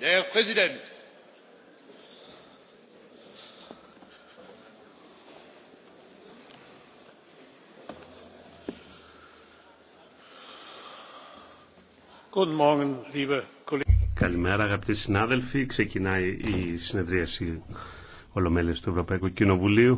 herr präsident! καλημέρα αγαπητοί συνάδελφοι. ξεκινάει η συνεδρίαση ολομέλειας του ευρωπαϊκού κοινοβουλίου.